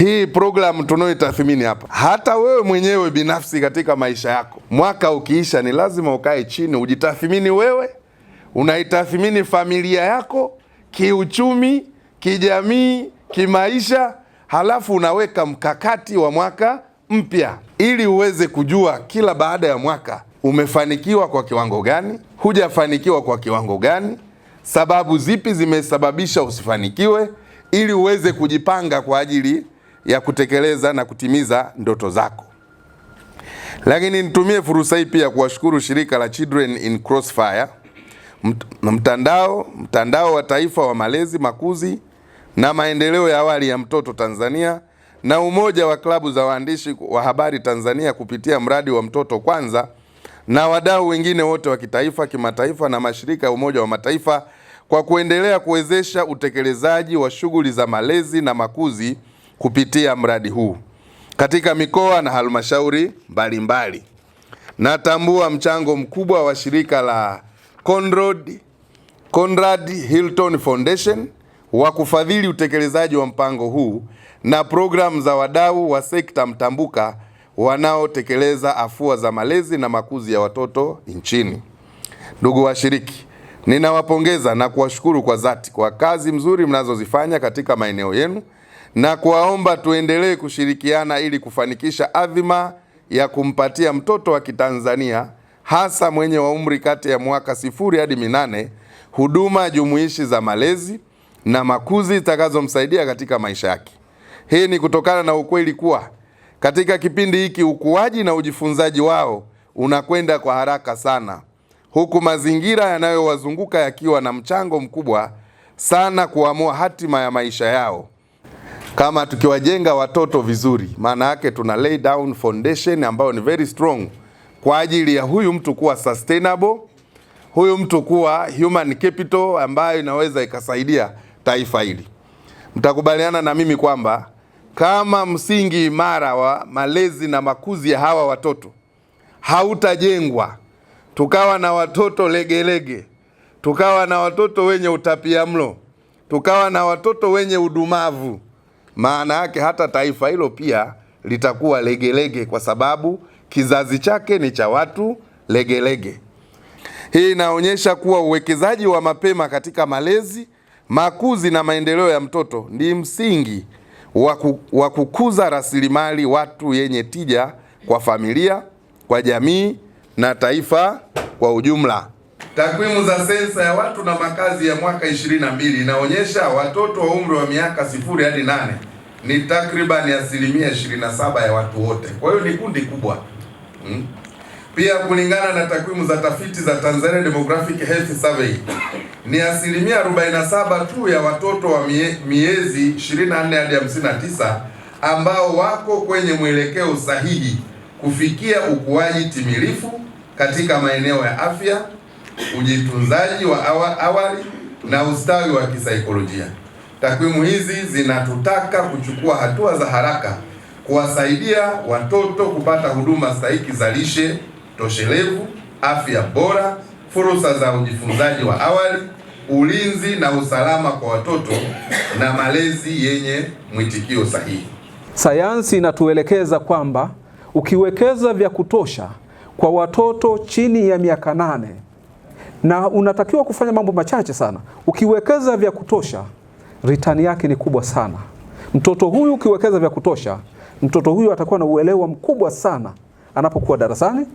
hii programu tunayoitathmini hapa, hata wewe mwenyewe binafsi katika maisha yako, mwaka ukiisha, ni lazima ukae chini ujitathmini wewe, unaitathmini familia yako kiuchumi, kijamii, kimaisha, halafu unaweka mkakati wa mwaka mpya ili uweze kujua kila baada ya mwaka umefanikiwa kwa kiwango gani, hujafanikiwa kwa kiwango gani, sababu zipi zimesababisha usifanikiwe, ili uweze kujipanga kwa ajili ya kutekeleza na kutimiza ndoto zako. Lakini nitumie fursa hii pia kuwashukuru shirika la Children in Crossfire, mtandao mtandao wa taifa wa malezi, makuzi na maendeleo ya awali ya mtoto Tanzania na umoja wa klabu za waandishi wa habari Tanzania kupitia mradi wa mtoto kwanza na wadau wengine wote wa kitaifa, kimataifa na mashirika ya Umoja wa Mataifa kwa kuendelea kuwezesha utekelezaji wa shughuli za malezi na makuzi kupitia mradi huu katika mikoa na halmashauri mbalimbali. Natambua mchango mkubwa wa shirika la Conrad, Conrad Hilton Foundation wa kufadhili utekelezaji wa mpango huu na programu za wadau wa sekta mtambuka wanaotekeleza afua za malezi na makuzi ya watoto nchini. Ndugu washiriki, ninawapongeza na kuwashukuru kwa dhati kwa kazi mzuri mnazozifanya katika maeneo yenu na kuwaomba tuendelee kushirikiana ili kufanikisha adhima ya kumpatia mtoto wa Kitanzania hasa mwenye wa umri kati ya mwaka sifuri hadi minane huduma jumuishi za malezi na makuzi zitakazomsaidia katika maisha yake. Hii ni kutokana na ukweli kuwa katika kipindi hiki ukuaji na ujifunzaji wao unakwenda kwa haraka sana, huku mazingira yanayowazunguka yakiwa na mchango mkubwa sana kuamua hatima ya maisha yao. Kama tukiwajenga watoto vizuri, maana yake tuna lay down foundation ambayo ni very strong kwa ajili ya huyu mtu kuwa sustainable, huyu mtu kuwa human capital ambayo inaweza ikasaidia taifa hili. Mtakubaliana na mimi kwamba kama msingi imara wa malezi na makuzi ya hawa watoto hautajengwa, tukawa na watoto legelege lege, tukawa na watoto wenye utapia mlo, tukawa na watoto wenye udumavu maana yake hata taifa hilo pia litakuwa legelege, kwa sababu kizazi chake ni cha watu legelege. Hii inaonyesha kuwa uwekezaji wa mapema katika malezi, makuzi na maendeleo ya mtoto ni msingi wa kukuza rasilimali watu yenye tija kwa familia, kwa jamii na taifa kwa ujumla. Takwimu za sensa ya watu na makazi ya mwaka 22 inaonyesha watoto wa umri wa miaka sifuri hadi nane ni takribani asilimia 27 ya watu wote, kwa hiyo ni kundi kubwa hmm. Pia kulingana na takwimu za tafiti za Tanzania Demographic Health Survey ni asilimia 47 tu ya watoto wa mie, miezi 24 hadi 59 ambao wako kwenye mwelekeo sahihi kufikia ukuaji timilifu katika maeneo ya afya, ujitunzaji wa awali na ustawi wa kisaikolojia. Takwimu hizi zinatutaka kuchukua hatua za haraka kuwasaidia watoto kupata huduma stahiki za lishe toshelevu, afya bora, fursa za ujifunzaji wa awali, ulinzi na usalama kwa watoto na malezi yenye mwitikio sahihi. Sayansi inatuelekeza kwamba ukiwekeza vya kutosha kwa watoto chini ya miaka nane na unatakiwa kufanya mambo machache sana, ukiwekeza vya kutosha ritani yake ni kubwa sana. Mtoto huyu ukiwekeza vya kutosha, mtoto huyu atakuwa na uelewa mkubwa sana anapokuwa darasani,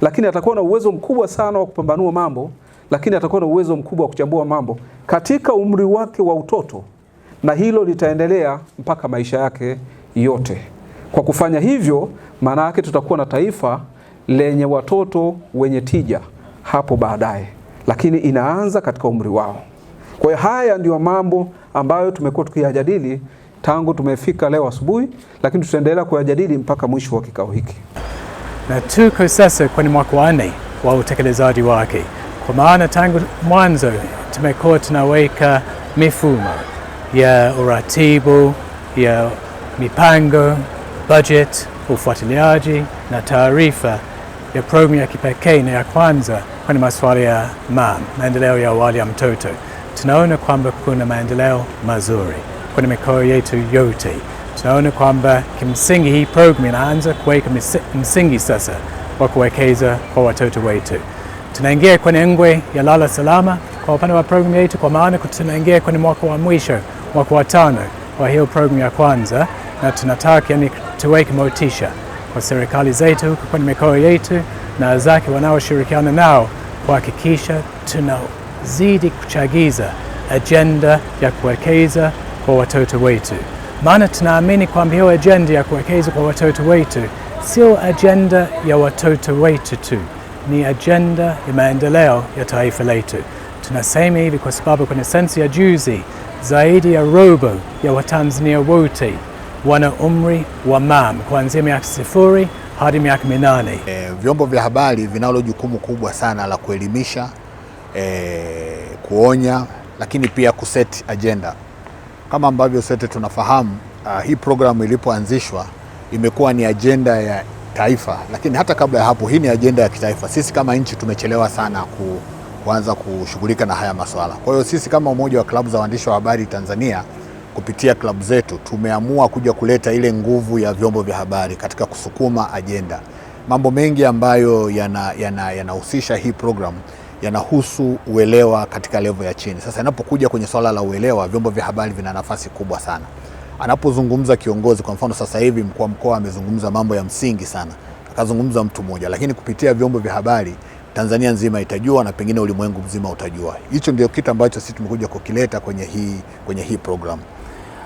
lakini atakuwa na uwezo mkubwa sana wa kupambanua mambo, lakini atakuwa na uwezo mkubwa wa kuchambua mambo katika umri wake wa utoto, na hilo litaendelea mpaka maisha yake yote. Kwa kufanya hivyo, maana yake tutakuwa na taifa lenye watoto wenye tija hapo baadaye, lakini inaanza katika umri wao. Kwa hiyo haya ndiyo mambo ambayo tumekuwa tukiyajadili tangu tumefika leo asubuhi, lakini tutaendelea kuyajadili mpaka mwisho wa kikao hiki. Na tuko sasa kwenye mwaka wa nne wa utekelezaji wake, kwa maana tangu mwanzo tumekuwa tunaweka mifumo ya uratibu, ya mipango, budget, ufuatiliaji na taarifa ya programu ya kipekee na ya kwanza kwenye masuala ya MAM, maendeleo ya awali ya mtoto tunaona kwamba kuna maendeleo mazuri kwenye mikoa yetu yote. Tunaona kwamba kimsingi hii programu inaanza kuweka msingi sasa wa kuwekeza kwa watoto wetu. Tunaingia kwenye ngwe ya lala salama kwa upande wa programu yetu, kwa maana tunaingia kwenye mwaka wa mwisho, mwaka wa tano wa hiyo programu ya kwanza, na tunataka yani tuweke motisha kwa serikali zetu kwenye mikoa yetu na zake wanaoshirikiana nao kuhakikisha tuna zidi kuchagiza ajenda ya kuwekeza kwa watoto wetu, maana tunaamini kwamba hiyo ajenda ya kuwekeza kwa watoto wetu sio ajenda ya watoto wetu tu, ni ajenda ya maendeleo ya taifa letu. Tunasema hivi kwa sababu kwenye sensa ya juzi zaidi ya robo ya Watanzania wote wana umri wa mam kuanzia miaka sifuri hadi miaka minane. E, vyombo vya habari vinalo jukumu kubwa sana la kuelimisha e, kuonya lakini pia kuset agenda. Kama ambavyo sote tunafahamu uh, hii programu ilipoanzishwa imekuwa ni ajenda ya taifa, lakini hata kabla ya hapo, hii ni ajenda ya kitaifa. Sisi kama nchi tumechelewa sana ku, kuanza kushughulika na haya masuala. Kwa hiyo sisi kama umoja wa klabu za waandishi wa habari Tanzania kupitia klabu zetu tumeamua kuja kuleta ile nguvu ya vyombo vya habari katika kusukuma ajenda. Mambo mengi ambayo yanahusisha yana, yana hii programu yanahusu uelewa katika levo ya chini. Sasa inapokuja kwenye swala la uelewa, vyombo vya habari vina nafasi kubwa sana. Anapozungumza kiongozi, kwa mfano sasa hivi mkuu wa mkoa amezungumza mambo ya msingi sana, akazungumza mtu mmoja, lakini kupitia vyombo vya habari Tanzania nzima itajua na pengine ulimwengu mzima utajua. Hicho ndio kitu ambacho sisi tumekuja kukileta kwenye hii, kwenye hii programu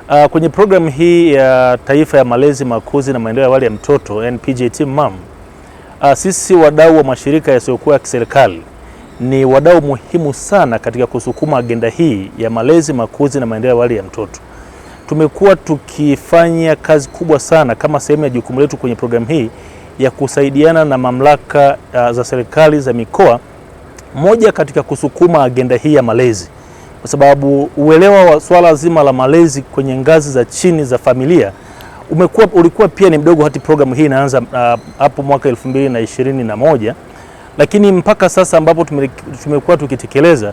uh, ah, kwenye programu hii ya Taifa ya Malezi, Makuzi na Maendeleo ya Awali ya Mtoto NPJT MAM. Uh, sisi wadau wa mashirika yasiyokuwa ya kiserikali ni wadau muhimu sana katika kusukuma agenda hii ya malezi, makuzi na maendeleo ya awali ya mtoto. Tumekuwa tukifanya kazi kubwa sana kama sehemu ya jukumu letu kwenye programu hii ya kusaidiana na mamlaka uh, za serikali za mikoa moja katika kusukuma agenda hii ya malezi, kwa sababu uelewa wa swala zima la malezi kwenye ngazi za chini za familia umekuwa ulikuwa pia ni mdogo hati programu hii inaanza uh, hapo uh, mwaka 2021 lakini mpaka sasa ambapo tumekuwa tukitekeleza,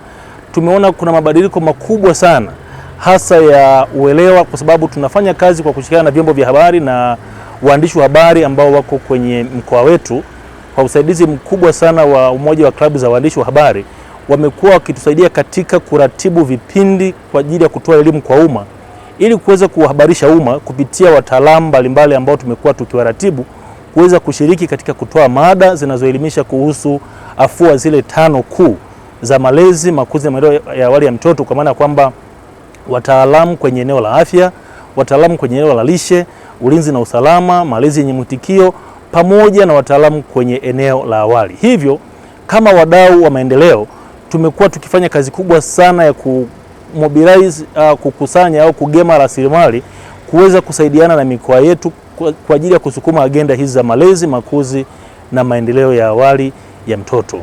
tumeona kuna mabadiliko makubwa sana hasa ya uelewa, kwa sababu tunafanya kazi kwa kushirikiana na vyombo vya habari na waandishi wa habari ambao wako kwenye mkoa wetu kwa usaidizi mkubwa sana wa umoja wa klabu za waandishi wa habari wamekuwa wakitusaidia katika kuratibu vipindi kwa ajili ya kutoa elimu kwa umma ili kuweza kuwahabarisha umma kupitia wataalamu mbalimbali ambao tumekuwa tukiwaratibu kuweza kushiriki katika kutoa mada zinazoelimisha kuhusu afua zile tano kuu za malezi, makuzi na maendeleo ya awali ya mtoto, kwa maana kwamba wataalamu kwenye eneo la afya, wataalamu kwenye eneo la lishe, ulinzi na usalama, malezi yenye mwitikio, pamoja na wataalamu kwenye eneo la awali. Hivyo kama wadau wa maendeleo tumekuwa tukifanya kazi kubwa sana ya kumobilize, uh, kukusanya au kugema rasilimali kuweza kusaidiana na mikoa yetu kwa ajili ya kusukuma agenda hizi za malezi, makuzi na maendeleo ya awali ya mtoto.